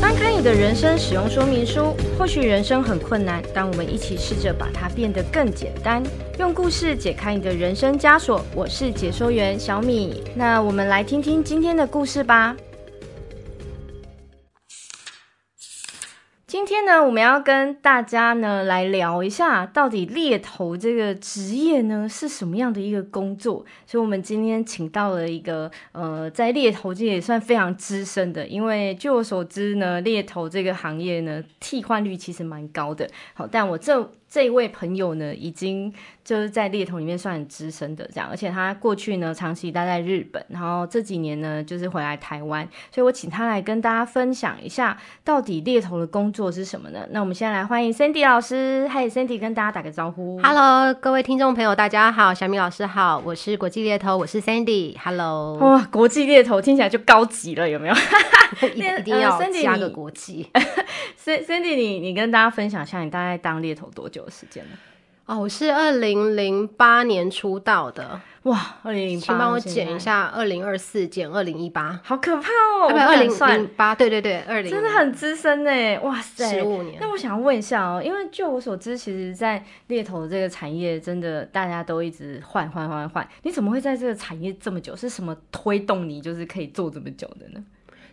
翻開你的人生使用說明書，或許人生很困難，但我們一起試着把它變得更簡單，用故事解開你的人生枷鎖。我是解說員小米，那我們來聽聽今天的故事吧。今天呢，我們要跟大家呢來聊一下，到底獵頭這個職業呢是什麼樣的一個工作？所以，我們今天請到了一個呃，在獵頭界也算非常資深的，因為據我所知呢，獵頭這個行業呢，替換率其實蠻高的。好，但我這。這一位朋友呢，已經就是在獵頭裡面算很資深的這樣，而且他過去呢長期待在日本，然後這幾年呢就是回來台灣，所以我請他來跟大家分享一下，到底獵頭的工作是什麼呢？那我們先來歡迎 Sandy 老師，嗨、hey,，Sandy 跟大家打個招呼，Hello，各位聽眾朋友，大家好，小米老師好，我是國際獵頭，我是 Sandy，Hello，哇，國際獵頭聽起來就高級了，有沒有？ 一定要加、呃、個國際你 ，Sandy，你你跟大家分享一下，你大概當獵頭多久？時間了哦，我是二零零八年出道的哇，二零零八，請幫我減一下二零二四減二零一八，現在 2024, 好可怕哦，二零零八，對對對，二零真的很資深耶，哇塞，十五年，那我想要問一下哦，因為據我所知，其實，在獵頭這個產業，真的大家都一直換換換換，你怎麼會在這個產業這麼久？是什麼推動你就是可以做這麼久的呢？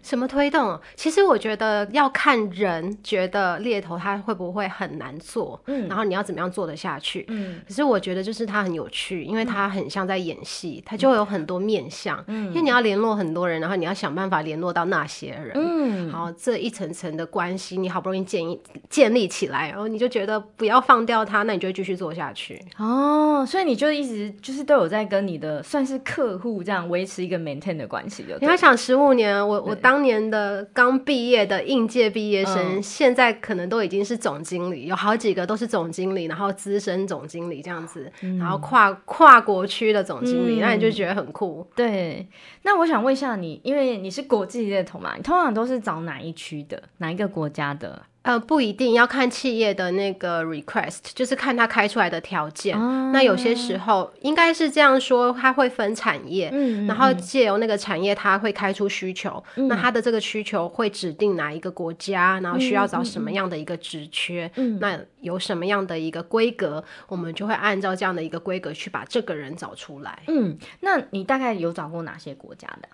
什麼推動？其實我覺得要看人覺得獵頭他會不會很難做，嗯，然後你要怎麼樣做得下去，嗯。可是我覺得就是他很有趣，因為他很像在演戲，嗯、他就會有很多面向，嗯。因為你要聯絡很多人，然後你要想辦法聯絡到那些人，嗯。然後這一層層的關係，你好不容易建立建立起來，然後你就覺得不要放掉他，那你就會繼續做下去。哦，所以你就一直就是都有在跟你的算是客戶這樣維持一個 maintain 的關係的。你要想十五年，我我當。當年的剛畢業的應屆畢業生，嗯、現在可能都已經是總經理，有好幾個都是總經理，然後資深總經理這樣子，嗯、然後跨跨國區的總經理，嗯、那你就覺得很酷。對，那我想問一下你，因為你是國際獵頭嘛，你通常都是找哪一區的，哪一個國家的？呃，不一定要看企業的那個 request，就是看他開出來的條件。Oh. 那有些時候應該是這樣說，他會分產業，嗯嗯嗯，然後借由那個產業，他會開出需求。嗯、那他的這個需求會指定哪一個國家，嗯、然後需要找什麼樣的一個職缺，嗯嗯，那有什麼樣的一個規格，嗯、我們就會按照這樣的一個規格去把這個人找出來。嗯，那你大概有找過哪些國家的？.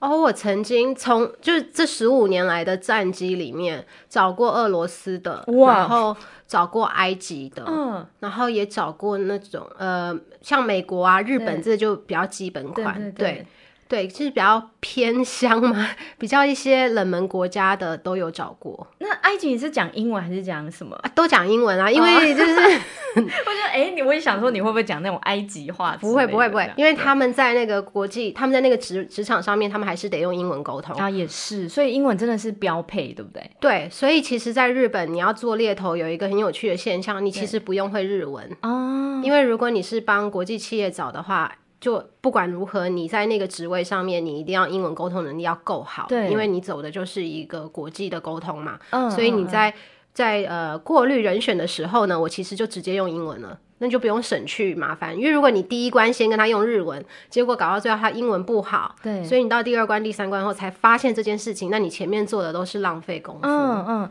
哦，oh, 我曾經從就是這十五年來的戰績裡面找過俄羅斯的，Wow. 然後找過埃及的，oh. 然後也找過那種呃，像美國啊、日本，這就比較基本款，對，對，對。對。對，就是比較偏鄉嘛，比較一些冷門國家的都有找過。那埃及你是講英文還是講什麼？啊、都講英文啊，因為就是、Oh. 我覺得，誒、欸、你我也想說，你會不會講那種埃及話？不會，不會，不會，因為他們在那個國際，對他們在那個職職場上面，他們還是得用英文溝通啊。也是，所以英文真的是標配，對不對？對，所以其實，在日本，你要做獵頭，有一個很有趣的現象，你其實不用會日文啊，Yeah . Oh. 因為如果你是幫國際企業找的話。就不管如何，你在那個職位上面，你一定要英文溝通能力要夠好，對，因為你走的就是一個國際的溝通嘛，嗯，oh, 所以你在、uh, 在呃、uh, 過濾人選的時候呢，我其實就直接用英文了，那就不用省去麻煩，因為如果你第一關先跟他用日文，結果搞到最後他英文不好，對，所以你到第二關、第三關後才發現這件事情，那你前面做的都是浪費功夫，嗯嗯、oh, uh.，誒，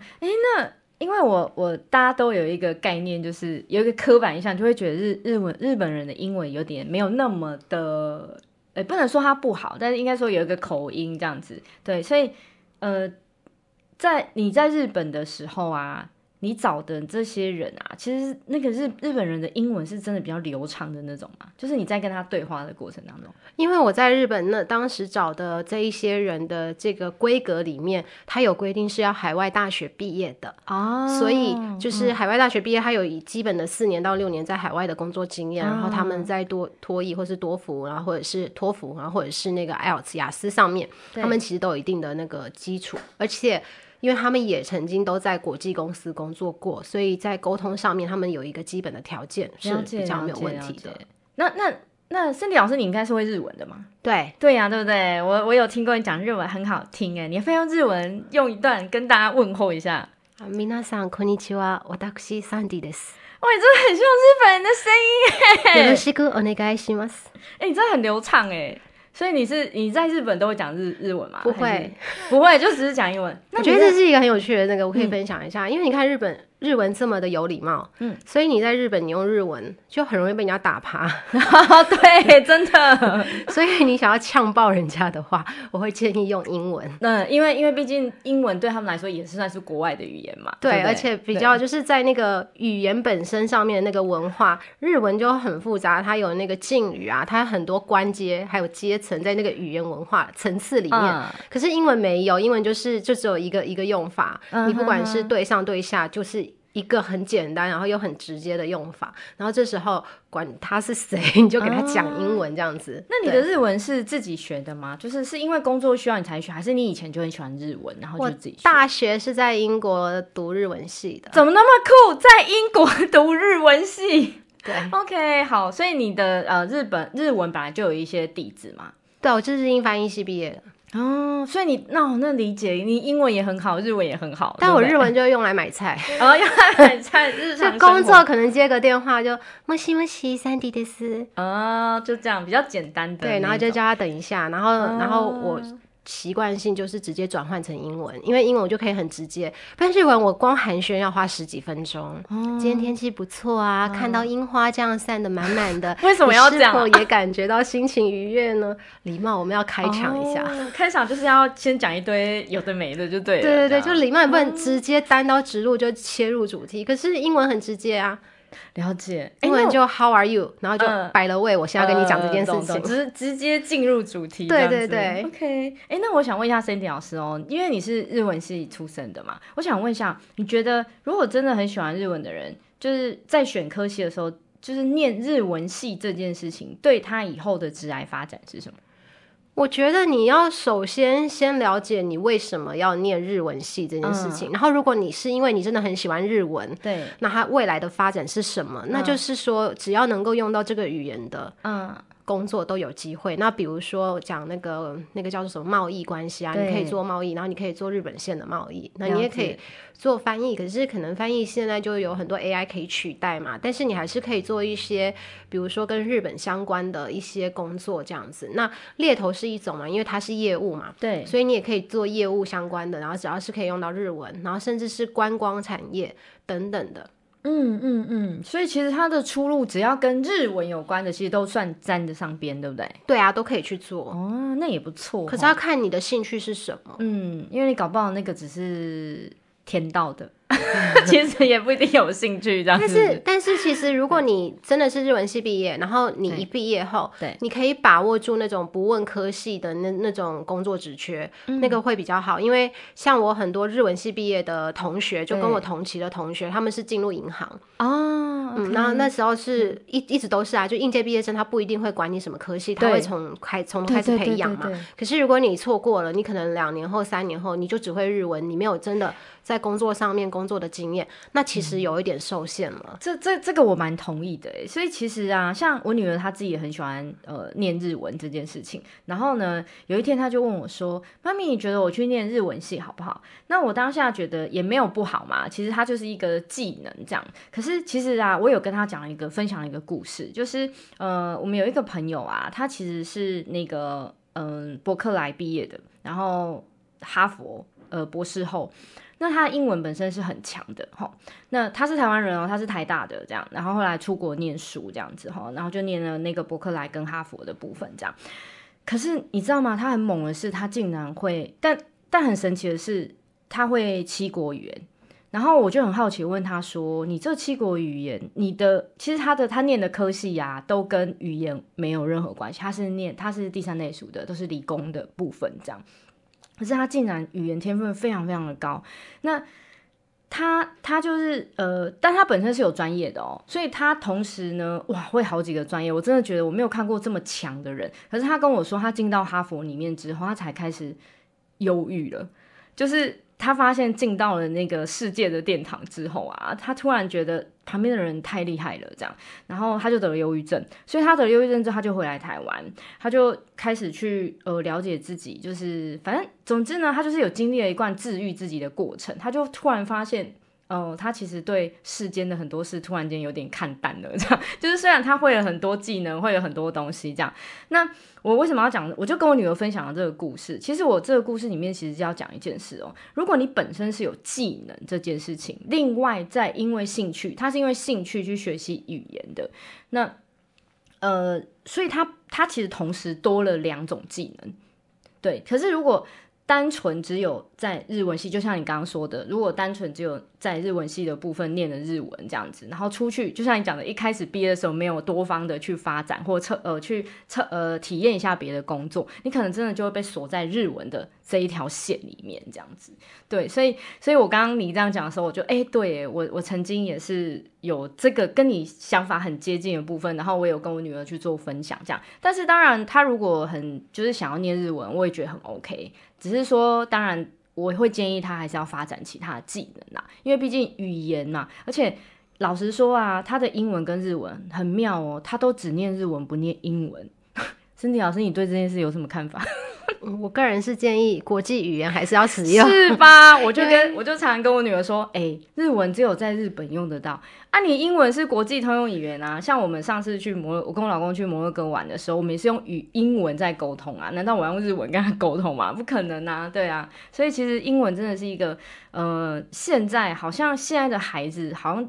那。因為我我大家都有一個概念，就是有一個刻板印象，就會覺得日日文日本人的英文有點沒有那麼的，誒，不能說它不好，但是應該說有一個口音這樣子，對，所以呃，在你在日本的時候啊，你找的這些人啊，其實那個日日本人的英文是真的比較流暢的那種嘛？就是你在跟他對話的過程當中，因為我在日本那當時找的這一些人的這個規格裡面，他有規定是要海外大學畢業的啊，哦、所以就是海外大學畢業，他有以基本的四年到六年在海外的工作經驗，嗯、然後他們在多托 E 或是多福，然後或者是托福，然後或者是那個 i 爾 t s 雅思上面，對他們其實都有一定的那個基礎，而且。因為他們也曾經都在國際公司工作過，所以在溝通上面他們有一個基本的條件是比較沒有問題的。那那那 Sandy 老師，你應該是會日文的嘛？對對呀、啊，對不對？我我有聽過你講日文很好聽哎、欸，你非要用日文用一段跟大家問候一下。啊，、皆さんこんにちは、私は Sandy です哇、哦，你真的很像日本人的聲音哎、欸！よろしくお願いします。欸、你真的很流暢哎、欸！所以你是你在日本都會講日日文嗎？不會，是 不會，就只是講英文。 那我覺得這是一個很有趣的那個，我可以分享一下，嗯、因為你看日本。日文這麼的有禮貌，嗯，所以你在日本，你用日文就很容易被人家打趴。 對，真的。 所以你想要嗆爆人家的話，我會建議用英文。嗯，因為因為畢竟英文對他們來說也是算是國外的語言嘛。對，對對，而且比較就是在那個語言本身上面那個文化，對日文就很複雜，它有那個敬語啊，它有很多官階，還有階層在那個語言文化層次裡面。嗯、可是，英文沒有，英文就是就只有一個一個用法，嗯、哼你不管是對上對下，就是。一個很簡單，然後又很直接的用法。然後這時候管他是誰，你就給他講英文這樣子。啊，那你的日文是自己學的嗎？對就是是因為工作需要你才學，還是你以前就很喜歡日文，然後就自己學？大學是在英國讀日文系的。怎麼那麼酷？在英國讀日文系？對，OK，好，所以你的呃日本日文本來就有一些底子嘛。對，我就是英翻譯系畢業的。哦，所以你那我那理解，你英文也很好，日文也很好，但我日文就用來買菜、 哦，然後用來買菜，日常 工作可能接個電話就摩西摩西，Sandy desu 哦，就這樣比較簡單的，對，種然後就叫他等一下，然後、哦、然後我。習慣性就是直接轉換成英文，因為英文我就可以很直接。但是日文我光寒暄要花十幾分鐘。嗯、今天天氣不錯啊，嗯、看到櫻花這樣散得滿滿的，為什麼要這樣？也感覺到心情愉悅呢？啊、禮貌，我們要開場一下。哦、開場就是要先講一堆有的沒的就對了。對對對，這樣，就禮貌也不能直接單刀直入就切入主題。嗯、可是英文很直接啊。了解，英文誒誒就 How are you？誒然後就擺了位，呃、way, 我現在要跟你講這件事情，直、呃、直接進入主題這樣子。對對對，OK。哎，那我想問一下 Sandy 老師哦，因為你是日文系出身的嘛，我想問一下，你覺得如果真的很喜歡日文的人，就是在選科系的時候，就是念日文系這件事情，對他以後的職涯發展是什麼？我覺得你要首先先了解，你為什麼要念日文系這件事情，嗯、然後如果你是因為你真的很喜歡日文，對，那它未來的發展是什麼？嗯、那就是說，只要能夠用到這個語言的，嗯。嗯工作都有機會。那比如說，講那個那個叫做什麼貿易關係啊，對你可以做貿易，然後你可以做日本線的貿易。解那你也可以做翻譯，可是可能翻譯現在就有很多 AI 可以取代嘛。但是你還是可以做一些，比如說跟日本相關的一些工作這樣子。那獵頭是一種嘛，因為它是業務嘛，對，所以你也可以做業務相關的。然後只要是可以用到日文，然後甚至是觀光產業等等的。嗯嗯嗯，嗯嗯，所以其實它的出路，只要跟日文有關的，其實都算沾得上邊，對不對？對啊，都可以去做哦，那也不錯。可是要看你的興趣是什麼。嗯，因為你搞不好那個只是天道的。 其實也不一定有興趣，這樣。但是，但是，其實如果你真的是日文系畢業，對 然後你一畢業後，對 你可以把握住那種不問科系的那那種工作職缺，嗯、那個會比較好。因為像我很多日文系畢業的同學，就跟我同期的同學，對 他們是進入銀行哦，對 嗯，然後那時候是一一直都是啊，就應屆畢業生，他不一定會管你什麼科系，對 他會從開從開始培養嘛。可是如果你錯過了，你可能兩年後、三年後，你就只會日文，你沒有真的在工作上面工作。工作的經驗，那其實有一點受限了，嗯。這這這個我蠻同意的，欸。所以其實啊，像我女兒她自己也很喜歡呃念日文這件事情。然後呢，有一天她就問我說：“媽咪，你覺得我去念日文系好不好？”那我當下覺得也沒有不好嘛。其實它就是一個技能這樣。可是其實啊，我有跟她講一個分享一個故事，就是呃，我們有一個朋友啊，他其實是那個嗯、呃、伯克萊畢業的，然後哈佛呃博士後。那他的英文本身是很強的哈，那他是台灣人哦，他是台大的這樣，然後後來出國念書這樣子哈，然後就念了那個柏克萊跟哈佛的部分這樣。可是你知道嗎？他很猛的是，他竟然會，但但很神奇的是，他會七國語言。然後我就很好奇問他說：“你這七國語言，你的其實他的他念的科系呀、啊，都跟語言沒有任何關係。他是念他是第三類組的，都是理工的部分這樣。”可是他竟然語言天分非常非常的高，那他他就是呃，但他本身是有專業的哦、喔，所以他同時呢，哇，會好幾個專業，我真的覺得我沒有看過這麼強的人。可是他跟我說，他進到哈佛裡面之後，他才開始憂鬱了，就是。他發現進到了那個世界的殿堂之後啊，他突然覺得旁邊的人太厲害了，這樣，然後他就得了憂鬱症。所以他得了憂鬱症之後，他就回來台灣，他就開始去呃了解自己，就是反正總之呢，他就是有經歷了一段治癒自己的過程。他就突然發現。哦，他其實對世間的很多事突然間有點看淡了，這樣就是雖然他會有很多技能，會有很多東西這樣。那我為什麼要講？我就跟我女兒分享了這個故事。其實我這個故事裡面其實就要講一件事哦。如果你本身是有技能這件事情，另外再因為興趣，他是因為興趣去學習語言的，那呃，所以他他其實同時多了兩種技能。對，可是如果。單純只有在日文系，就像你剛剛說的，如果單純只有在日文系的部分念的日文這樣子，然後出去，就像你講的，一開始畢業的時候沒有多方的去發展或測呃去測呃體驗一下別的工作，你可能真的就會被鎖在日文的這一條線裡面這樣子。對，所以所以我剛剛你這樣講的時候，我就哎、欸、對，我我曾經也是。有這個跟你想法很接近的部分，然後我也有跟我女兒去做分享，這樣。但是當然，她如果很就是想要念日文，我也覺得很 OK。只是說，當然我會建議她還是要發展其他的技能啦，因為畢竟語言嘛。而且老實說啊，她的英文跟日文很妙哦，她都只念日文不念英文。Sandy 老師，你對這件事有什麼看法？我，我個人是建議國際語言還是要使用。 是吧？我就跟因為 我就常常跟我女兒說，哎、欸，日文只有在日本用得到。啊，你英文是國際通用語言啊。像我們上次去摩，我跟我老公去摩洛哥玩的時候，我們也是用語英文在溝通啊。難道我用日文跟他溝通嗎？不可能啊。對啊，所以其實英文真的是一個，嗯、呃，現在好像現在的孩子好像。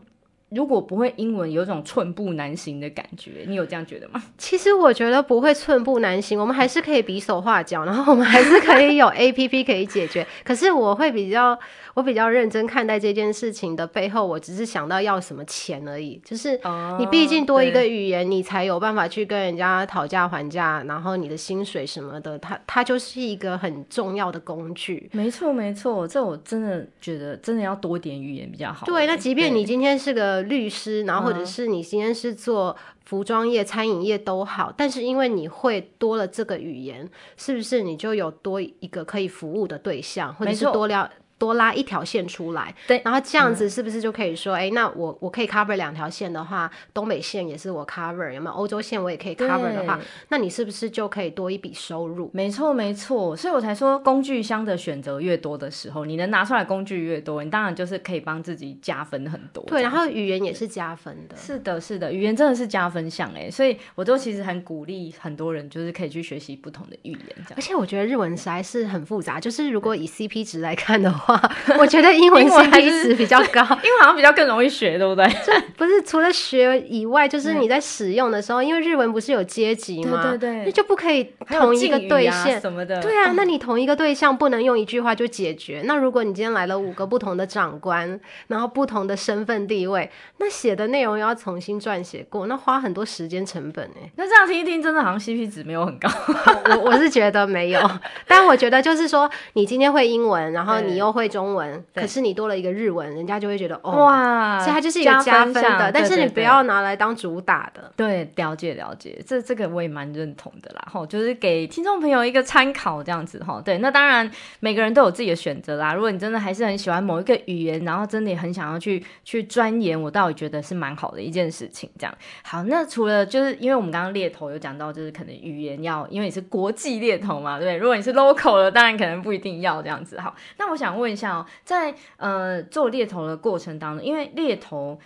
如果不會英文，有種寸步難行的感覺，你有這樣覺得嗎？其實我覺得不會寸步難行，我們還是可以比手畫腳，然後我們還是可以有 APP 可以解決。 可是我會比較，我比較認真看待這件事情的背後，我只是想到要什麼錢而已。就是你畢竟多一個語言，哦、你才有辦法去跟人家討價還價，然後你的薪水什麼的，它它就是一個很重要的工具。沒錯沒錯，這我真的覺得真的要多點語言比較好、欸。對，那即便你今天是個。律師，然後或者是你今天是做服裝業、嗯、餐飲業都好，但是因為你會多了這個語言，是不是你就有多一個可以服務的對象？沒錯。或者是多了。多拉一條線出來，對，然後這樣子是不是就可以說，哎、嗯，那我我可以 cover 兩條線的話，東北線也是我 cover，有沒有歐洲線我也可以 cover 的話，對那你是不是就可以多一筆收入？沒錯，沒錯，所以我才說工具箱的選擇越多的時候，你能拿出來工具越多，你當然就是可以幫自己加分很多。對，然後語言也是加分的是。是的，是的，語言真的是加分項哎、欸，所以我都其實很鼓勵很多人就是可以去學習不同的語言，這樣。而且我覺得日文實在是很複雜，對就是如果以 CP 值來看的話。 我覺得英文 CP 值比較高，英、就是，英文好像比較更容易學，對不對？ 不是除了學以外，就是你在使用的時候，嗯、因為日文不是有階級嗎？對對對，你就不可以同一個對象、啊、什麼的。對啊，那你同一個對象不能用一句話就解決。嗯、那如果你今天來了五個不同的長官，然後不同的身份地位，那寫的內容又要重新撰寫過，那花很多時間成本呢、欸。那這樣聽一聽，真的好像 CP 值沒有很高。 我我是覺得沒有，但我覺得就是說，你今天會英文，然後你又會中文，可是你多了一個日文，對人家就會覺得哦哇，所以它就是一個加分的，但是你不要拿來當主打的。對，對，對，對，了解了解，這這個我也蠻認同的啦。哈，就是給聽眾朋友一個參考這樣子哈。對，那當然每個人都有自己的選擇啦。如果你真的還是很喜歡某一個語言，然後真的也很想要去去鑽研，我倒也覺得是蠻好的一件事情。這樣好，那除了就是因為我們剛剛獵頭有講到，就是可能語言要，因為你是國際獵頭嘛，對不對？如果你是 local 的，當然可能不一定要這樣子哈。那我想問。問一下哦，在呃做獵頭的過程當中，因為獵頭，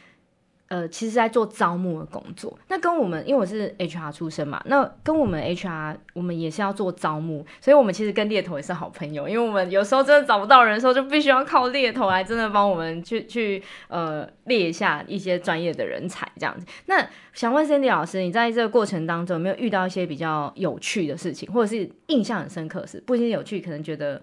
呃，其實，在做招募的工作。那跟我們，因為我是 HR 出身嘛，那跟我們 HR，我們也是要做招募，所以我們其實跟獵頭也是好朋友。因為我們有時候真的找不到人的時候，就必須要靠獵頭來真的幫我們去去呃獵一下一些專業的人才這樣子。那想問 Sandy 老師，你在這個過程當中有沒有遇到一些比較有趣的事情，或者是印象很深刻的事，不一定有趣，可能覺得。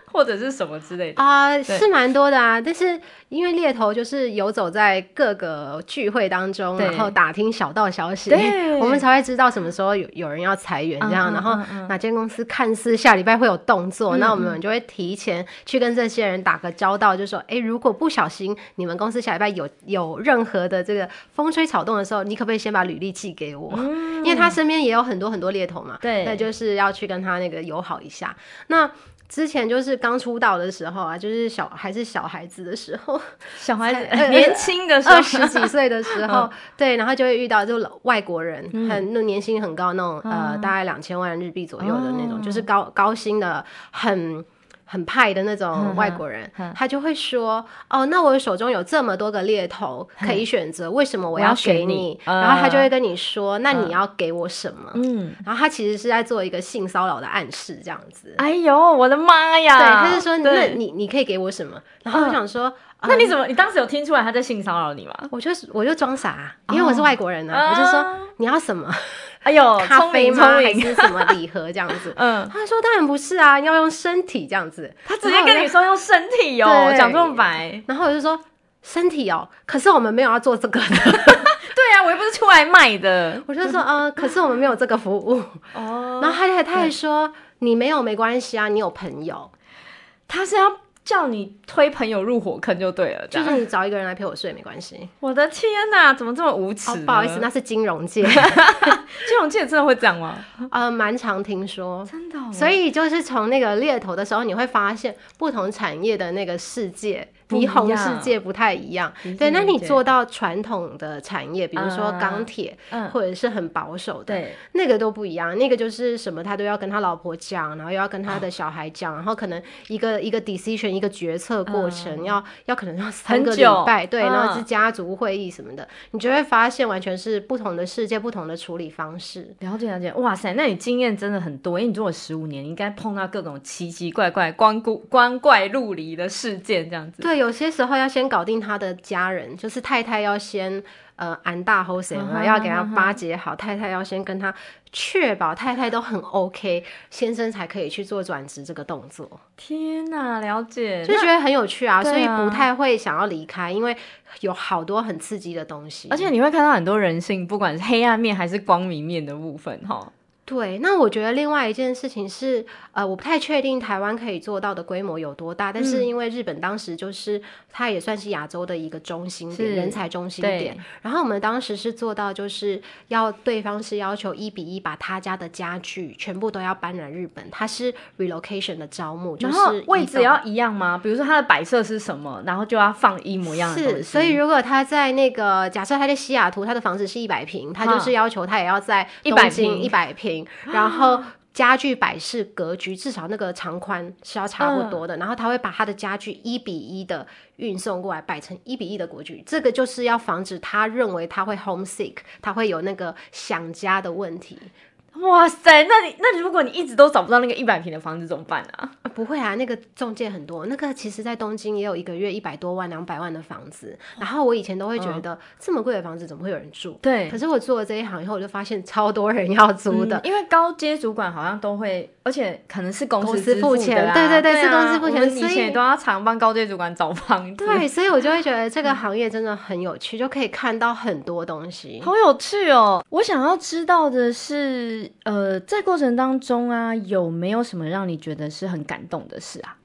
或者是什麼之類的啊，呃、對是蠻多的啊。但是因為獵頭就是遊走在各個聚會當中，對然後打聽小道消息，對我們才會知道什麼時候有有人要裁員這樣。嗯嗯嗯嗯，然後哪間公司看似下禮拜會有動作，嗯嗯，那我們就會提前去跟這些人打個交道，就說：哎、嗯嗯，欸，如果不小心你們公司下禮拜有有任何的這個風吹草動的時候，你可不可以先把履歷寄給我？嗯、因為他身邊也有很多很多獵頭嘛，對，那就是要去跟他那個友好一下。那之前就是剛出道的時候啊，就是小還是小孩子的時候，小孩子 才 年輕的時候，十幾歲的時候， 嗯、對，然後就會遇到就外國人很，很、嗯、那年薪很高那種，嗯、呃，大概兩千萬日幣左右的那種，嗯、就是高高薪的，很。很派的那種外國人，嗯嗯、他就會說：“嗯、哦，那我手中有這麼多個獵頭可以選擇，為什麼我要給你？”給你然後他就會跟你說：“嗯、那你要給我什麼？”嗯，然後他其實是在做一個性騷擾的暗示，這樣子。哎呦，我的媽呀！對，他就說：“對那你你可以給我什麼？”然後我想說。嗯那你怎麼？你當時有聽出來他在性騷擾你嗎？我就我就裝傻，因為我是外國人呢，我就說，你要什麼？哎呦，聰明聰明，咖啡嗎？還是什麼禮盒這樣子？嗯，他說當然不是啊，要用身體這樣子。他直接跟你說用身體哦，講這麼白。然後我就說身體哦，可是我們沒有要做這個的。對啊，我又不是出來賣的。我就說嗯，可是我們沒有這個服務哦。然後他還他還說你沒有沒關係啊，你有朋友。他是要。叫你推朋友入火坑就對了，就是你找一個人來陪我睡沒關係。我的天哪，怎麼這麼無恥？哦，不好意思，那是金融界， 金融界真的會這樣嗎？呃，蠻常聽說，真的哦。所以就是從那個獵頭的時候，你會發現不同產業的那個世界。霓虹世界不太一樣，對。那你做到傳統的產業，比如說鋼鐵，嗯，或者是很保守的，對，那個都不一樣。那個就是什麼，他都要跟他老婆講，然後又要跟他的小孩講，然後可能一個一個 decision，一個決策過程，要要可能要三個禮拜，對。然後是家族會議什麼的，你就會發現完全是不同的世界，不同的處理方式。了解了解，哇塞，那你經驗真的很多，因為你做了十五年，你應該碰到各種奇奇怪怪、光顧光怪陸離的事件這樣子。對。有些時候要先搞定他的家人，就是太太要先呃安大後身，要給他巴結好。Uh huh. 太太要先跟他確保太太都很 OK，先生才可以去做轉職這個動作。天哪，了解，就覺得很有趣啊，那所以不太會想要離開，啊、因為有好多很刺激的東西，而且你會看到很多人性，不管是黑暗面還是光明面的部分，哈。對，那我覺得另外一件事情是，呃，我不太確定台灣可以做到的規模有多大，嗯、但是因為日本當時就是它也算是亞洲的一個中心點，是人才中心點。對然後我們當時是做到就是要對方是要求一比一，把他家的家具全部都要搬來日本，它是 relocation 的招募，後就是位置要一樣嗎？比如說他的擺設是什麼，然後就要放一模一樣的。是，所以如果他在那個假設他在西雅圖，他的房子是一百平，他就是要求他也要在東京一百平。嗯，一百平。然後家具擺飾格局至少那個長寬是要差不多的，嗯、然後他會把他的家具一比一的運送過來，擺成一比一的格局，這個就是要防止他認為他會 homesick，他會有那個想家的問題。哇塞，那你那如果你一直都找不到那個一百坪的房子怎麼辦啊？啊？不會啊，那個中介很多，那個其實，在東京也有一個月一百多萬、兩百萬的房子。哦、然後我以前都會覺得、嗯、這麼貴的房子怎麼會有人住？對。可是我做了這一行以後，我就發現超多人要租的、嗯，因為高階主管好像都會，而且可能是公司付、啊、公司付錢，對對對，對啊、是公司付錢，所以們以前都要常幫高階主管找房子。對，所以我就會覺得這個行業真的很有趣，嗯、就可以看到很多東西，好有趣哦。我想要知道的是。呃，在過程當中啊，有沒有什麼讓你覺得是很感動的事啊？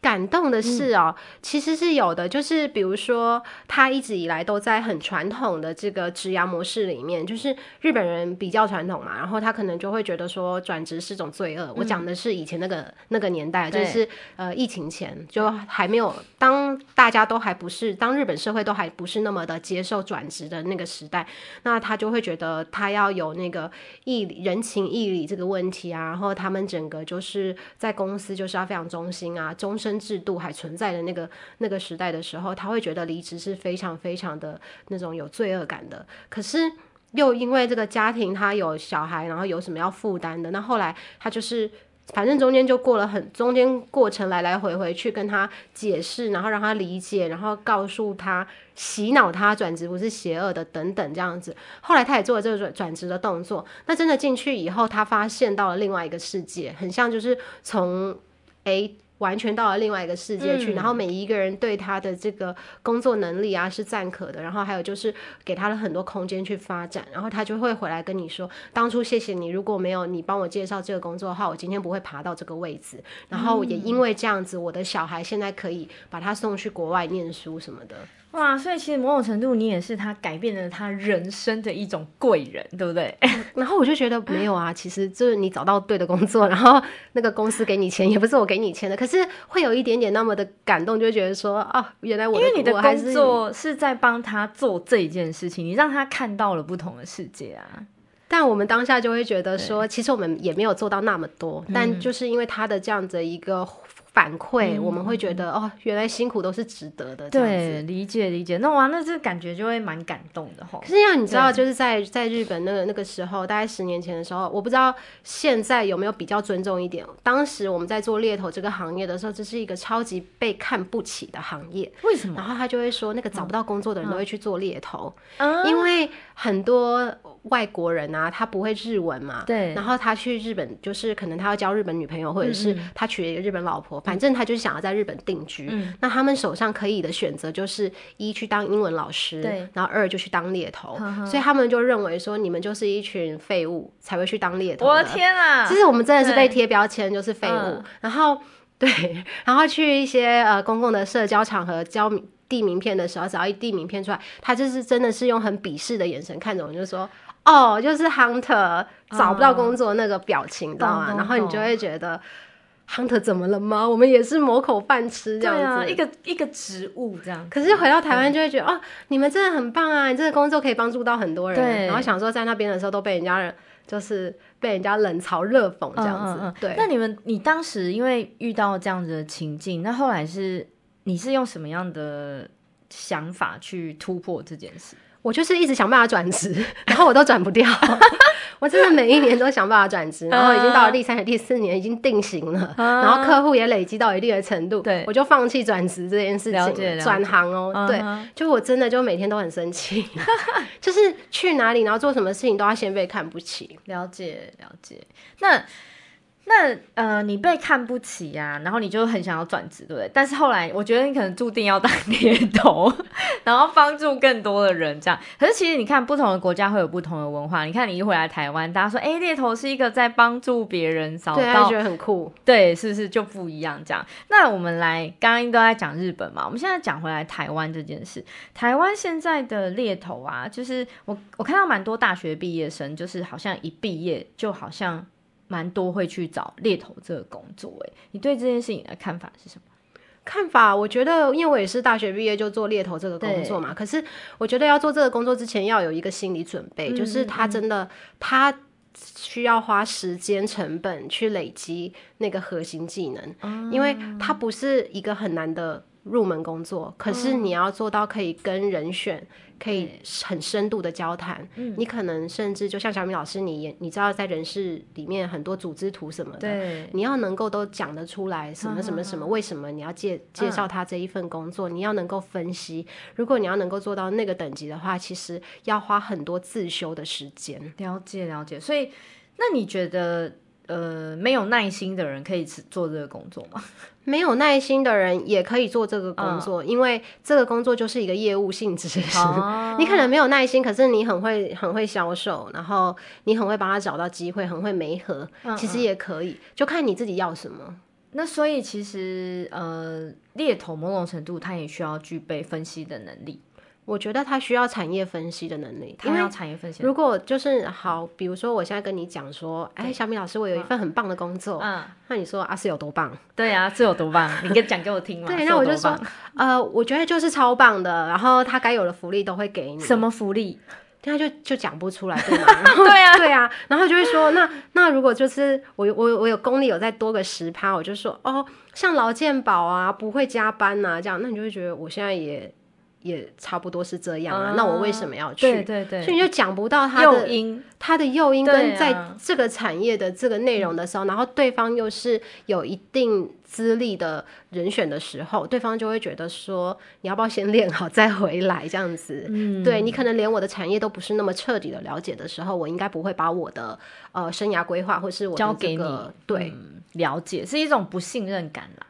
感動的事哦，嗯、其實是有的，就是比如說他一直以來都在很傳統的這個職涯模式裡面，就是日本人比較傳統嘛，然後他可能就會覺得說轉職是種罪惡。嗯、我講的是以前那個那個年代，就是對呃疫情前就還沒有，當大家都還不是當日本社會都還不是那麼的接受轉職的那個時代，那他就會覺得他要有那個義理，人情義理這個問題啊，然後他們整個就是在公司就是要非常忠心啊，終身。制度還存在的那個那個時代的時候，他會覺得離職是非常非常的那種有罪惡感的。可是又因為這個家庭他有小孩，然後有什麼要負擔的。那後來他就是反正中間就過了很中間過程，來來回回去跟他解釋，然後讓他理解，然後告訴他洗腦他轉職不是邪惡的等等這樣子。後來他也做了這個轉轉職的動作。那真的進去以後，他發現到了另外一個世界，很像就是從 A。完全到了另外一個世界去，嗯、然後每一個人對他的這個工作能力啊是贊可的，然後還有就是給他了很多空間去發展，然後他就會回來跟你說，當初謝謝你，如果沒有你幫我介紹這個工作的話，我今天不會爬到這個位置，然後也因為這樣子，我的小孩現在可以把他送去國外念書什麼的。哇，所以其實某種程度，你也是他改變了他人生的一種貴人，對不對？嗯，然後我就覺得沒有啊， 其實就是你找到對的工作，然後那個公司給你錢， 也不是我給你錢的，可是會有一點點那麼的感動，就會覺得說啊，原來我的，因為你的工作我是，是在幫他做這一件事情，你讓他看到了不同的世界啊。但我們當下就會覺得說，對其實我們也沒有做到那麼多，嗯、但就是因為他的這樣子一個。反饋、嗯、我們會覺得哦，原來辛苦都是值得的。這樣子。對，理解理解。那完了，這感覺就會蠻感動的。可是要你知道，對就是在在日本那個那個時候，大概十年前的時候，我不知道現在有沒有比較尊重一點。當時我們在做獵頭這個行業的時候，這是一個超級被看不起的行業。為什麼？然後他就會說，那個找不到工作的人都會去做獵頭，嗯嗯、因為很多。外國人啊，他不會日文嘛？對。然後他去日本，就是可能他要交日本女朋友，或者是他娶了一個日本老婆，嗯嗯、反正他就是想要在日本定居。嗯、那他們手上可以的選擇就是一去當英文老師，對 然後二就去當獵頭，呵呵 所以他們就認為說，你們就是一群廢物才會去當獵頭。我的、哦、天啊！其實我們真的是被貼標籤，就是廢物。對 然後對，然後去一些呃公共的社交場合交遞名片的時候，只要一遞名片出來，他就是真的是用很鄙視的眼神看着我，就是說。哦，就是 hunter 找不到工作那個表情，哦、知道嗎？嗯嗯、然後你就會覺得、嗯、hunter 怎麼了嗎？我們也是謀口飯吃這樣子，啊、一個一個職務這樣子。可是回到台灣就會覺得對、哦，你們真的很棒啊！你這個工作可以幫助到很多人。對。然後想說在那邊的時候都被人家人就是被人家冷嘲熱諷這樣子。嗯嗯嗯對。那你們，你當時因為遇到這樣子的情境，那後來是你是用什麼樣的想法去突破這件事？我就是一直想辦法轉職，然後我都轉不掉。 我真的每一年都想辦法轉職， 然後已經到了第三年、第四年已經定型了， 然後客戶也累積到一定的程度，對 我就放棄轉職這件事情。轉行哦、喔。 對，就我真的就每天都很生氣， 就是去哪裡，然後做什麼事情都要先被看不起。了解，了解。那。那呃，你被看不起呀、啊，然後你就很想要轉職，對不對？但是後來我覺得你可能注定要當獵頭，然後幫助更多的人這樣。可是其實你看，不同的國家會有不同的文化。你看你一回來台灣，大家說，哎、欸，獵頭是一個在幫助別人找到，大、啊、覺得很酷，對，是不是就不一樣這樣？那我們來剛剛應該都在講日本嘛，我們現在講回來台灣這件事。台灣現在的獵頭啊，就是我我看到蠻多大學畢業生，就是好像一畢業就好像。蠻多會去找獵頭這個工作，哎，你對這件事情的看法是什麼？看法，我覺得，因為我也是大學畢業就做獵頭這個工作嘛，對可是我覺得要做這個工作之前要有一個心理準備，嗯嗯嗯，就是他真的他需要花時間成本去累積那個核心技能，嗯、因為他不是一個很難的。入門工作，可是你要做到可以跟人選、嗯、可以很深度的交談，嗯、你可能甚至就像小米老師，你也你知道在人事裡面很多組織圖什麼的，對你要能夠都講得出來什麼什麼什麼，為什麼你要介介紹他這一份工作，嗯、你要能夠分析，如果你要能夠做到那個等級的話，其實要花很多自修的時間。了解了解，所以那你覺得呃沒有耐心的人可以做這個工作嗎？沒有耐心的人也可以做這個工作，哦、因為這個工作就是一個業務性質。好、哦， 你可能沒有耐心，可是你很會很會銷售，然後你很會幫他找到機會，很會媒合，嗯嗯其實也可以，就看你自己要什麼。那所以其實呃，獵頭某種程度他也需要具備分析的能力。我覺得他需要產業分析的能力，因為產業分析的能力。如果就是好，嗯、比如說我現在跟你講說，哎對、欸，小米老師，我有一份很棒的工作，嗯、那你說，啊，是有多棒？對啊，是有多棒？你可以講給我聽嗎？ 對，那我就說， 呃，我覺得就是超棒的，然後他該有的福利都會給你。什麼福利？他就就講不出來，對嗎？ 對啊，對啊，然後就會說，那那如果就是我我我有功力有再多個十趴，我就說哦，像勞健保啊，不會加班吶、啊、這樣，那你就會覺得我現在也。也差不多是這樣啊，那我為什麼要去？對對對，所以你就講不到他的誘因，英他的誘因跟在這個產業的這個內容的時候，啊、然後對方又是有一定資歷的人選的時候，嗯、對方就會覺得說，你要不要先練好再回來這樣子？嗯、對你可能連我的產業都不是那麼徹底的了解的時候，我應該不會把我的呃生涯規劃或是我、這個、交給你。對、嗯，了解是一種不信任感啦。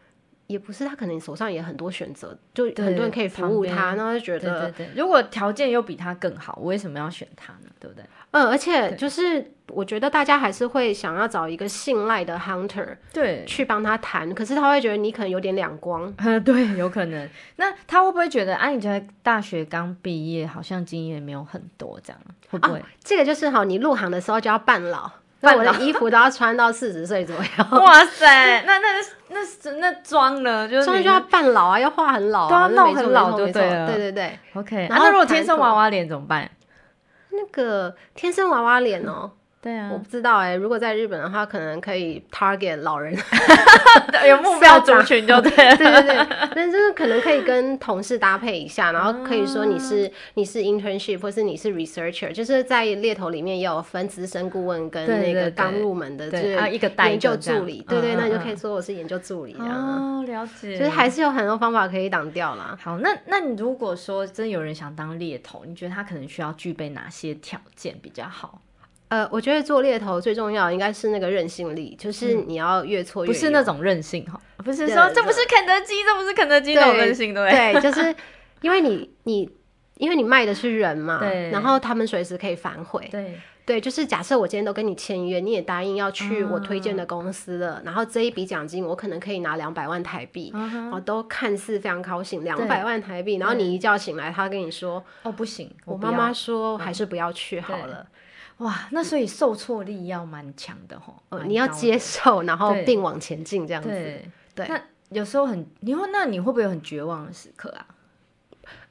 也不是，他可能手上也很多選擇，就很多人可以服務他，對然後就覺得對對對，如果條件又比他更好，我為什麼要選他呢？對不對？嗯，而且就是我覺得大家還是會想要找一個信賴的 hunter，對，去幫他談。可是他會覺得你可能有點兩光，嗯、呃，對，有可能。那他會不會覺得啊，你在大學剛畢業，好像經驗沒有很多，這樣會不會、啊？這個就是好，你入行的時候就要扮老。半 因為我的衣服都要穿到四十歲左右。哇塞，那那那那妝呢？就是、妝就要扮老啊，要化很老啊，弄、啊、很老就，就對了，對對對對，OK、啊。那如果天生娃娃臉怎麼辦？那個天生娃娃臉哦、喔。嗯對啊，我不知道哎、欸。如果在日本的話，可能可以 target 老人， 有目標族群就對。 對對對，但是就可能可以跟同事搭配一下，然後可以說你是、啊、你是 internship 或是你是 researcher，就是在獵頭裡面也有分資深顧問跟那個剛入門的，就是一個研究助理，對對,對,對,對,對對，那你就可以說我是研究助理啊。啊啊哦，了解。就是還是有很多方法可以擋掉啦。好，那那你如果說真有人想當獵頭，你覺得他可能需要具備哪些條件比較好？呃，我覺得做獵頭最重要應該是那個韌性力，就是你要越挫越，不是那種韌性哈，不是說這不是肯德基，這不是肯德基這種韌性。對，就是因為你你因為你賣的是人嘛，然後他們隨時可以反悔，對對，就是假設我今天都跟你簽約，你也答應要去我推薦的公司了，然後這一筆獎金我可能可以拿兩百萬台幣，然後都看似非常高興，兩百萬台幣，然後你一覺醒來，他跟你說哦不行，我媽媽說還是不要去好了。哇，那所以受挫力要蠻強的吼，你要接受，嗯、然後並往前進這樣子。對，對對那有時候很，你說那你會不會有很絕望的時刻啊？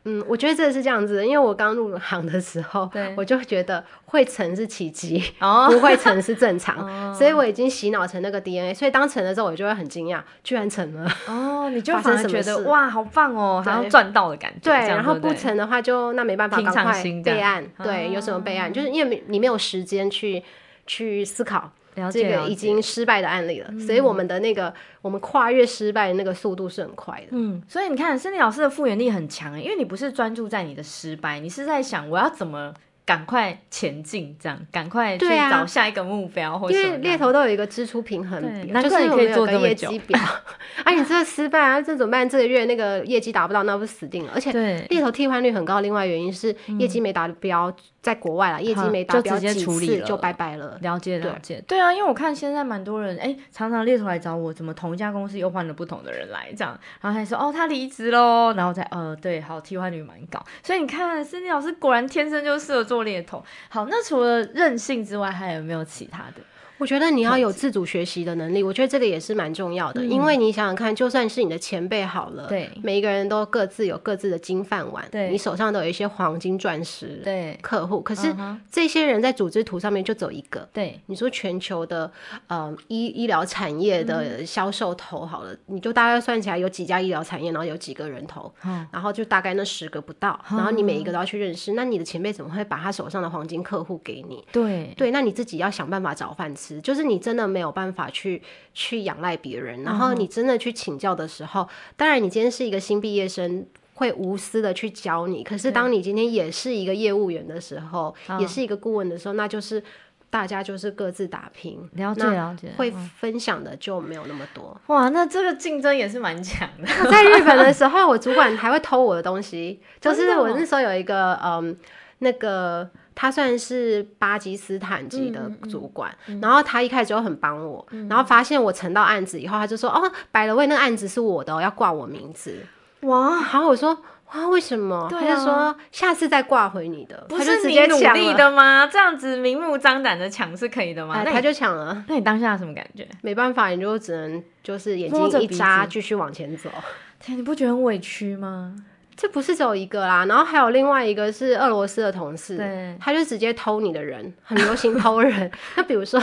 嗯，我覺得這是這樣子的，因為我剛入行的時候，對我就覺得會成是奇蹟，哦、不會成是正常， 哦、所以我已經洗腦成那個 DNA，所以當成了之後我就會很驚訝，居然成了哦，你就好像什麼覺得哇，好棒哦，然後賺到的感覺。對，然後不成的話就，就那沒辦法，趕快備案。啊、對，有什麼備案，就是因為你沒有時間去去思考。這個已經失敗的案例了，了解所以我們的那個、嗯、我們跨越失敗的那個速度是很快的。嗯，所以你看，Sandy 老師的復原力很強，因為你不是專注在你的失敗，你是在想我要怎麼。趕快前進，這樣趕快去找下一個目標，或者是獵頭都有一個支出平衡，那對就是你可以做這麼久。 啊，你這個失敗啊，這怎麼辦？這個月那個業績達不到，那不是死定了？而且獵頭替換率很高。另外原因是業績沒達標，在國外啦、嗯、拜拜了，業績沒達標就直接處理了，就拜拜了。了解了解。對對啊，因為我看現在蠻多人哎、欸，常常獵頭來找我，怎麼同一家公司又換了不同的人來？這樣，然後還說哦，他離職嘍，然後再呃，對，好，替換率蠻高。所以你看，Sandy 老師果然天生就適合做。破裂痛好，那除了韌性之外，還有沒有其他的？我覺得你要有自主學習的能力，我覺得這個也是蠻重要的，因為你想想看，就算是你的前輩好了，對，每一個人都各自有各自的金飯碗，對，你手上都有一些黃金鑽石對，客戶，可是這些人在組織圖上面就只有一個，對，你說全球的呃醫醫療產業的銷售頭好了，你就大概算起來有幾家醫療產業，然後有幾個人頭，嗯，然後就大概那十個不到，然後你每一個都要去認識，那你的前輩怎麼會把他手上的黃金客戶給你？對，對，那你自己要想辦法找飯吃。就是你真的沒有辦法去去仰賴別人，然後你真的去請教的時候，嗯、當然你今天是一個新畢業生，會無私的去教你。可是當你今天也是一個業務員的時候，對也是一個顧問的時候，嗯、那就是大家就是各自打拼，了解了解，會分享的就沒有那麼多。嗯、哇，那這個競爭也是蠻強的。 在日本的時候，我主管還會偷我的東西，就是我那時候有一個嗯那個。他算是巴基斯坦籍的主管，然後他一開始就很幫我，然後發現我承到案子以後，他就說：“哦，百了位那案子是我的，要掛我名字。”哇！好，我說：“哇，為什麼？”他就說：“下次再掛回你的。”不是你努力的嗎？這樣子明目張膽的搶是可以的嗎？他就搶了。那你當下什麼感覺？沒辦法，你就只能就是眼睛一眨，繼續往前走。天，你不覺得很委屈嗎？這不是只有一個啦，然後還有另外一個是俄羅斯的同事，對他就直接偷你的人，很流行偷人。 那比如說，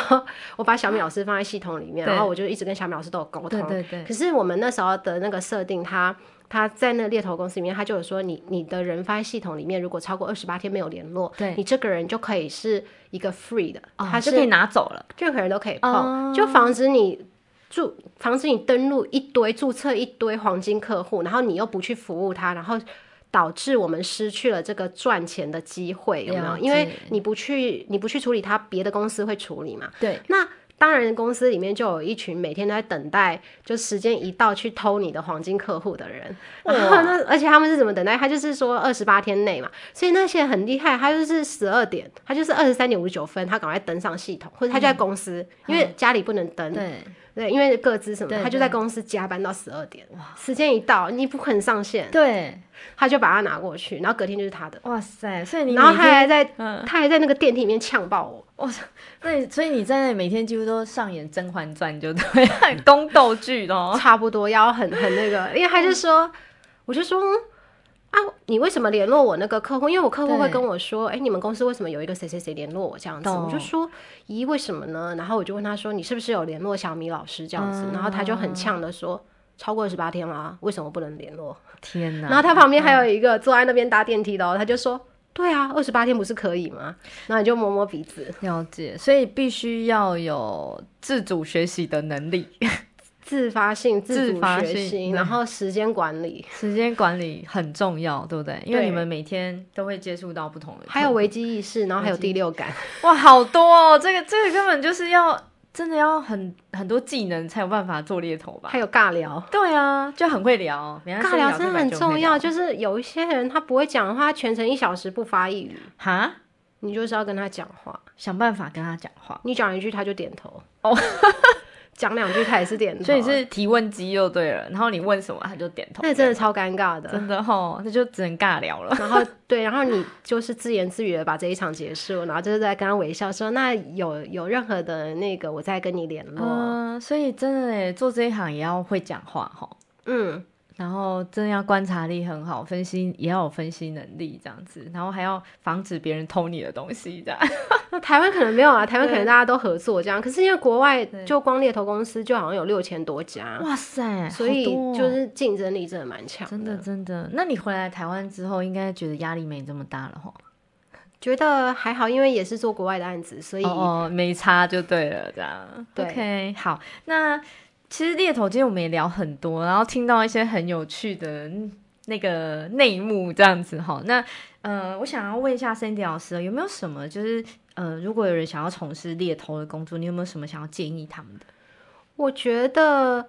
我把小米老師放在系統裡面，對然後我就一直跟小米老師都有溝通。對對對。可是我們那時候的那個設定，他他在那獵頭公司裡面，他就有說你，你你的人放在系統裡面，如果超過二十八天沒有聯絡，對你這個人就可以是一個 free 的，對他是、哦、就可以拿走了，任何人都可以碰，哦、就防止你。就防止你登入一堆註冊一堆黃金客戶，然後你又不去服務他，然後導致我們失去了這個賺錢的機會，有沒有？因為你不去，你不去處理他，別的公司會處理嘛？對。那當然，公司裡面就有一群每天都在等待，就時間一到去偷你的黃金客戶的人。嗯、那而且他們是怎麼等待？他就是說二十八天內嘛。所以那些很厲害，他就是十二點，他就是二十三點五十九分，他趕快登上系統，或者他就在公司，嗯、因為家裡不能登。對。對，因為各自什麼，對對對，他就在公司加班到十二點，對對對時間一到你不肯上線，對，他就把它拿過去，然後隔天就是他的。哇塞，所以你，然後他還在，嗯、他還在那個電梯裡面嗆爆我。哇塞，對，所以你在那每天幾乎都上演《甄嬛傳》，就對宮鬥劇哦，差不多，要很很那個，因為他就說，嗯、我就說。啊，你為什麼聯絡我那個客戶？因為我客戶會跟我說，哎對、欸，你們公司為什麼有一個誰誰誰聯絡我這樣子？懂我就說，咦，為什麼呢？然後我就問他說，你是不是有聯絡小米老師這樣子？嗯、然後他就很嗆的說，超過二十八天了，啊，為什麼不能聯絡？天哪！然後他旁邊還有一個坐在那邊搭電梯的，喔，嗯、他就說，對啊，二十八天不是可以嗎？然後你就摸摸鼻子，了解。所以必須要有自主學習的能力。自發性、自主學習，然後時間管理，時間管理很重要，對不對？因為你們每天都會接觸到不同的。還有危機意識，然後還有第六感，哇，好多哦！這個這個根本就是要真的要很很多技能才有辦法做獵頭吧？還有尬聊，對啊，就很會聊。尬聊真的很重要，就是有一些人他不會講的話，他全程一小時不發一語。哈，你就是要跟他講話，想辦法跟他講話。你講一句，他就點頭。哦。講兩句他也是點頭。所以你是提問機就對了，然後你問什麼他就點頭，那真的超尷尬的， 真的吼，那就只能尬聊了。 然後對，然後你就是自言自語的把這一場結束，然後就是在跟他微笑說，那有有任何的那個我再跟你聯絡，呃。所以真的誒，做這一行也要會講話吼。嗯。然後真的要觀察力很好，分析也要有分析能力這樣子，然後還要防止別人偷你的東西這樣。那 台灣可能沒有啊，台灣可能大家都合作這樣，對可是因為國外就光獵頭公司就好像有六千多家，哇塞對，所以就是競爭力真的蠻強的。哦、真的真的，那你回來台灣之後，應該覺得壓力沒這麼大了吼、哦？覺得還好，因為也是做國外的案子，所以哦，哦，沒差就對了，這樣。對 OK，好，那。其實獵頭今天我們也聊很多，然後聽到一些很有趣的那個內幕這樣子哈。那呃，我想要問一下 Sandy 老師，有沒有什麼就是呃，如果有人想要從事獵頭的工作，你有沒有什麼想要建議他們的？我覺得，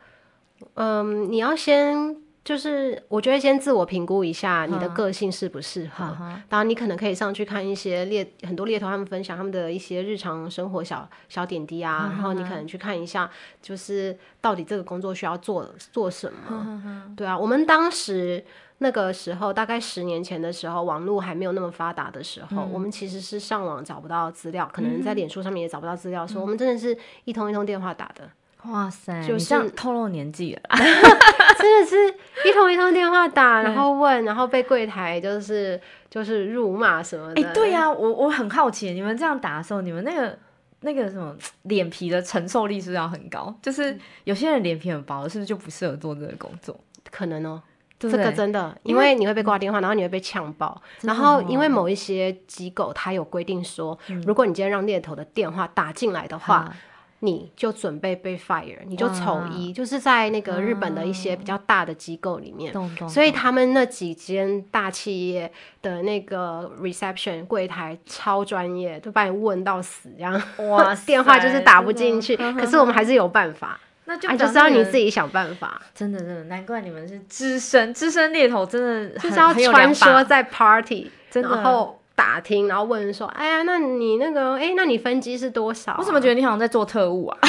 嗯、呃，你要先。就是我覺得先自我評估一下你的個性適不適合。呵呵當然，你可能可以上去看一些獵很多獵頭他們分享他們的一些日常生活小小點滴啊，呵呵然後你可能去看一下，就是到底這個工作需要做做什麼。呵呵對啊，我們當時那個時候大概十年前的時候，網絡還沒有那麼發達的時候，嗯、我們其實是上網找不到資料，可能在臉書上面也找不到資料，所以、嗯、我們真的是一通一通電話打的。哇塞，就像、是、你這樣透露年紀了。 真的 是，是一通一通電話打，然後問， 對 然後被櫃台就是就是辱罵什麼的。哎、欸，對呀、啊，我我很好奇，你們這樣打的時候，你們那個那個什麼臉皮的承受力是不是要很高？就是有些人臉皮很薄，是不是就不適合做這個工作？可能哦、喔，對 這個真的，因為你會被掛電話，為然後你會被嗆爆，然後因為某一些機構它有規定說，嗯、如果你今天讓獵頭的電話打進來的話。嗯你就準備被 fire，你就丑一，哇就是在那個日本的一些比較大的機構裡面，嗯、動動動，所以他們那幾間大企業的那個 reception 櫃檯超專業，都把你問到死，這樣哇塞， 電話就是打不進去，的可是我們還是有辦法， 那就是要、啊、你自己想辦法，真的真的，難怪你們是資深資深獵頭，真的很就是要穿梭在 party，真的然後。打聽，然後問人說：“哎呀，那你那個，哎，那你分機是多少、啊？”我怎麼覺得你好像在做特務啊？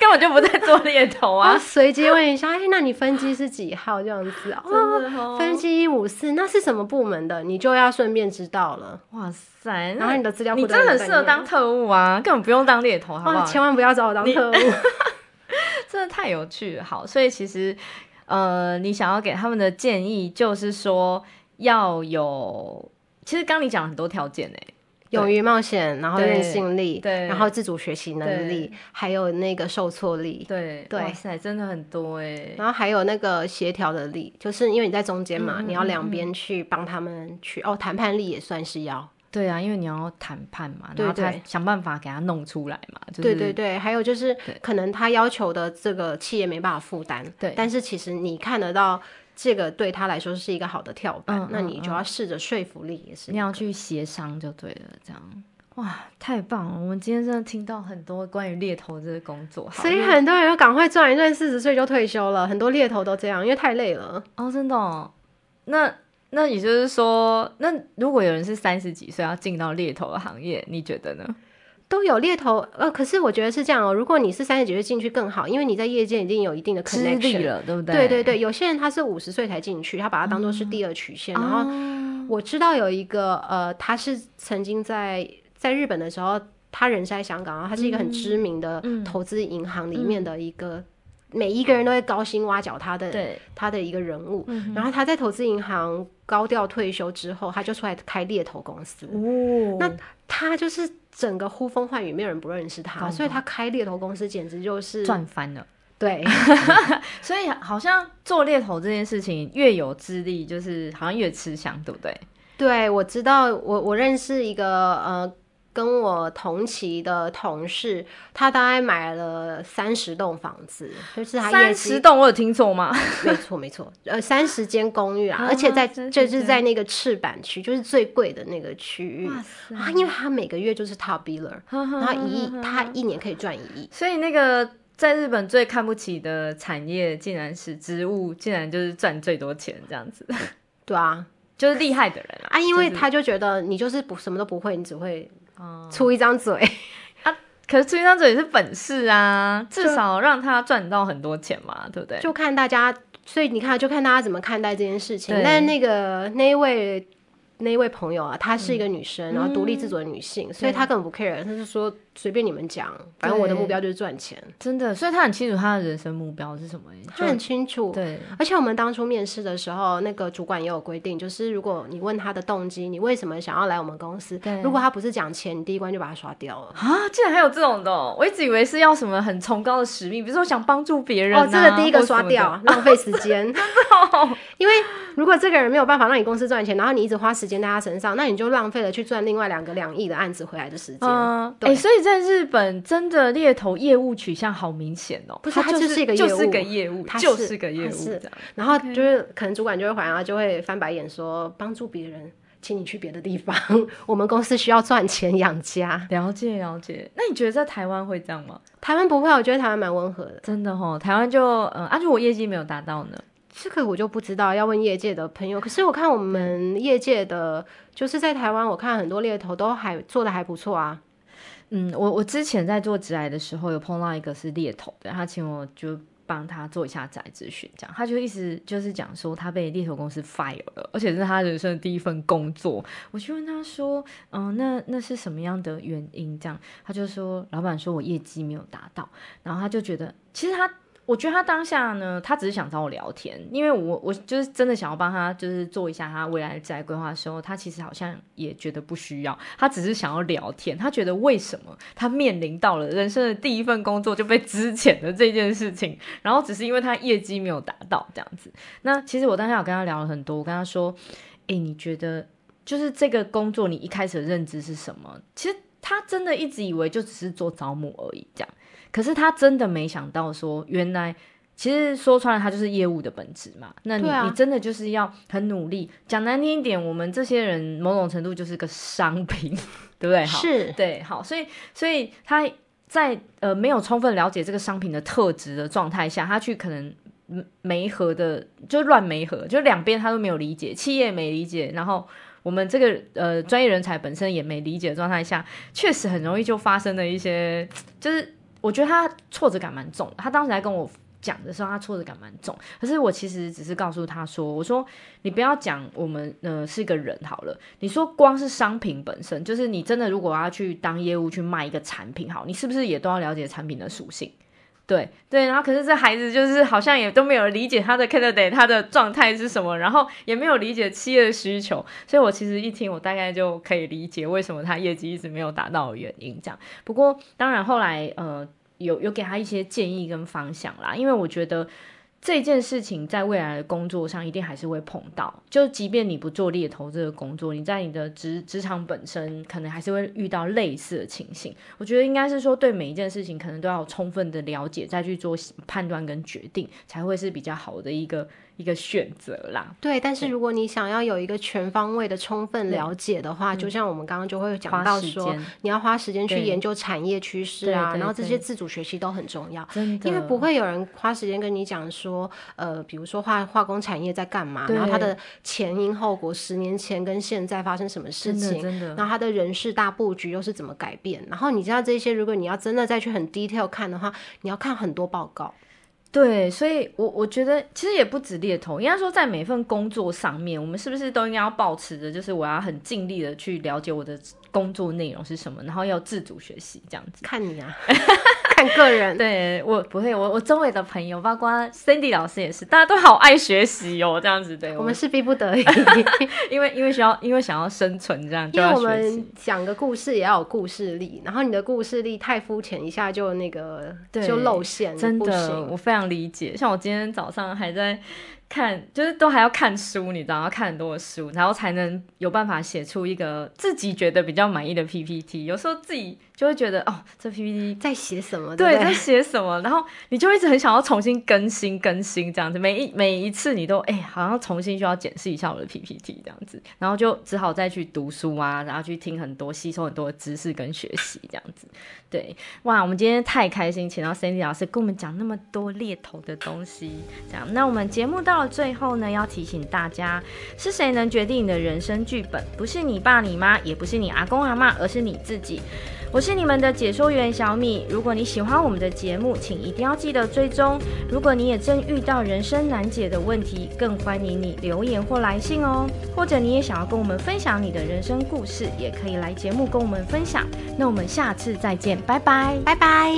根本就不在做獵頭啊， 啊！隨機問一下：“ 哎，那你分機是幾號？”這樣子啊、哦？哦、分機一五四，那是什麼部門的？你就要順便知道了。哇塞！然後你的資料你真的很適合當特務啊，根本不用當獵頭，好不好、啊？千萬不要找我當特務，你笑真的太有趣了。好，所以其實，呃，你想要給他們的建議就是說要有。其實剛你講了很多條件哎，勇於冒險，然後韌性力，對，然後自主學習能力，還有那個受挫力，對，哇塞，真的很多哎。然後還有那個協調的力，就是因為你在中間嘛，你要兩邊去幫他們去哦，談判力也算是要。對啊，因為你要談判嘛，然後才想辦法給他弄出來嘛。對對對，還有就是可能他要求的這個企業沒辦法負擔，對，但是其實你看得到。這個對他來說是一個好的跳板，嗯、那你就要試着說服力，也是、那個、你要去協商就對了，這樣哇，太棒了！我們今天真的聽到很多關於獵頭這個工作，所以很多人要趕快賺一賺，四十、嗯、歲就退休了，很多獵頭都這樣，因為太累了哦，真的、哦。那那也就是說，那如果有人是三十幾歲要進到獵頭的行業，你覺得呢？都有獵頭，呃，可是我覺得是這樣哦、喔。如果你是三十幾歲進去更好，因為你在業界一定有一定的 connection 了，對不對？對對對，有些人他是五十歲才進去，他把它當做是第二曲線。嗯、然後我知道有一個，哦、呃，他是曾經在在日本的時候，他人在香港，然後他是一個很知名的投資銀行裡面的一個。嗯嗯嗯每一個人都會高薪挖角他的對他的一個人物，嗯、哼然後他在投資銀行高調退休之後，他就出來開獵頭公司。哦，那他就是整個呼風喚雨，沒有人不認識他，分所以他開獵頭公司簡直就是賺翻了。對，嗯、 所以好像做獵頭這件事情越有資歷，就是好像越吃香，對不對？對，我知道，我我認識一個呃。跟我同期的同事，他大概買了三十棟房子，就是他三十棟，30 我有聽錯嗎？沒錯，沒錯，呃，三十間公寓啊， 而且在就是在那個赤坂區，就是最貴的那個區域 塞啊，因為他每個月就是 top biller， 然後一億， 他一年可以賺一億，所以那個在日本最看不起的產業，竟然是植物，竟然就是賺最多錢這樣子。對啊，就是厲害的人 啊，啊，因為他就覺得你就是不什麼都不會，你只會。出一張嘴、嗯、 啊，可是出一張嘴也是本事啊，就至少讓他賺到很多錢嘛，對不對？就看大家，所以你看，就看大家怎麼看待這件事情。對但那個那一位。那一位朋友啊，她是一個女生，嗯、然後獨立自主的女性，嗯、所以她根本不 care，她就說隨便你們講，對反正我的目標就是賺錢，真的。所以她很清楚她的人生目標是什麼、欸，就她很清楚。對。而且我們當初面試的時候，那個主管也有規定，就是如果你問她的動機，你為什麼想要來我們公司，對如果她不是講錢，你第一關就把她刷掉了。啊，竟然還有這種的、喔，我一直以為是要什麼很崇高的使命，比如說想幫助別人、啊。哦，真、這、的、個、第一個刷掉，浪費時間。 的好因為如果這個人沒有辦法讓你公司賺錢，然後你一直花時間。在大家身上，那你就浪費了去賺另外兩個兩億的案子回來的時間、嗯對欸。所以在日本，真的獵頭業務取向好明顯哦、喔。不、就是，他就是一個業務，就是個業務，是就是個業務這樣。然後就是 Okay. 可能主管就會回來，就會翻白眼說：“幫助別人，請你去別的地方。我們公司需要賺錢養家。”了解了解。那你覺得在台灣會這樣嗎？台灣不會，我覺得台灣蠻溫和的。真的哦，台灣就嗯，而、呃、且、啊、我業績沒有達到呢。這個我就不知道，要問業界的朋友。可是我看我們業界的，對就是在台灣，我看很多獵頭都還做得還不錯啊。嗯，我我之前在做職涯的時候，有碰到一個是獵頭的，他請我就幫他做一下職涯諮詢，這樣他就一直就是講說他被獵頭公司 fire 了，而且是他人生的第一份工作。我就問他說，嗯，那那是什麼樣的原因？這樣他就說，老闆說我業績沒有達到，然後他就覺得其實他。我覺得他當下呢，他只是想找我聊天，因為我我就是真的想要幫他，就是做一下他未來的職業規劃的時候，他其實好像也覺得不需要，他只是想要聊天，他覺得為什麼他面臨到了人生的第一份工作就被資遣了，這件事情，然後只是因為他業績沒有達到這樣子。那其實我當下有跟他聊了很多，我跟他說，哎、欸，你覺得就是這個工作你一開始的認知是什麼？其實他真的一直以為就只是做招募而已這樣。可是他真的沒想到，說原來其實說穿了，他就是業務的本質嘛。那你、啊、你真的就是要很努力。講難聽一點，我們這些人某種程度就是個商品， 對不對？好是，對，好，所以所以他在呃沒有充分了解這個商品的特質的狀態下，他去可能媒合的就亂媒合，就兩邊他都沒有理解，企業也沒理解，然後我們這個呃專業人才本身也沒理解的狀態下，確實很容易就發生了一些就是。我覺得他挫折感蠻重，他當時在跟我講的時候，他挫折感蠻重。可是我其實只是告訴他說：“我說你不要講我們呃是個人好了，你說光是商品本身，就是你真的如果要去當業務去賣一個產品，好，你是不是也都要了解產品的屬性？”對對，然後可是這孩子就是好像也都沒有理解他的 candidate 他的狀態是什麼，然後也沒有理解企業的需求，所以我其實一聽我大概就可以理解為什麼他業績一直沒有達到的原因。這樣，不過當然後來呃有有給他一些建議跟方向啦，因為我覺得。這件事情在未來的工作上一定還是會碰到，就即便你不做獵頭這個工作，你在你的職職場本身，可能還是會遇到類似的情形。我覺得應該是說，對每一件事情，可能都要充分的了解，再去做判斷跟決定，才會是比較好的一個。一個選擇啦，對。但是如果你想要有一個全方位的充分了解的話，對就像我們剛剛就會講到說，嗯、你要花時間去研究產業趨勢啊，對對對對然後這些自主學習都很重要，真的因為不會有人花時間跟你講說，呃，比如說化化工產業在幹嘛，對然後它的前因後果，十年前跟現在發生什麼事情，真的真的然後它的人事大布局又是怎麼改變？然後你知道這些，如果你要真的再去很 detail 看的話，你要看很多報告。對，所以我，我我覺得其實也不止獵頭，應該說在每份工作上面，我們是不是都應該要保持着，就是我要很盡力的去了解我的工作內容是什麼？然後要自主學習，這樣子看你啊， 看個人。對我不會，我我周圍的朋友，包括 Sandy 老師也是，大家都好愛學習哦，這樣子對。我，我們是逼不得已， 因為因為需要，因為想要生存，這樣 就要學習。因為我們講個故事也要有故事力，然後你的故事力太膚淺，一下就那個對就露餡，真的。我非常理解，像我今天早上還在。看就是都還要看書，你知道，要看很多的書，然後才能有辦法寫出一個自己覺得比較滿意的 PPT。有時候自己。就會覺得哦，這 PPT 在寫什麼？對,對,對，在寫什麼？然後你就一直很想要重新更新、更新這樣子。每一每一次你都哎、欸，好像重新就要檢視一下我的 PPT 這樣子。然後就只好再去讀書啊，然後去聽很多、吸收很多的知識跟學習這樣子。對，哇，我們今天太開心，請到 Sandy 老師跟我們講那麼多獵頭的東西。這樣，那我們節目到了最後呢，要提醒大家，是誰能決定你的人生劇本？不是你爸、你媽，也不是你阿公、阿媽，而是你自己。我是你們的解說員小米。如果你喜歡我們的節目，請一定要記得追蹤。如果你也正遇到人生難解的問題，更歡迎你留言或來信哦。或者你也想要跟我們分享你的人生故事，也可以來節目跟我們分享。那我們下次再見，拜拜，拜拜。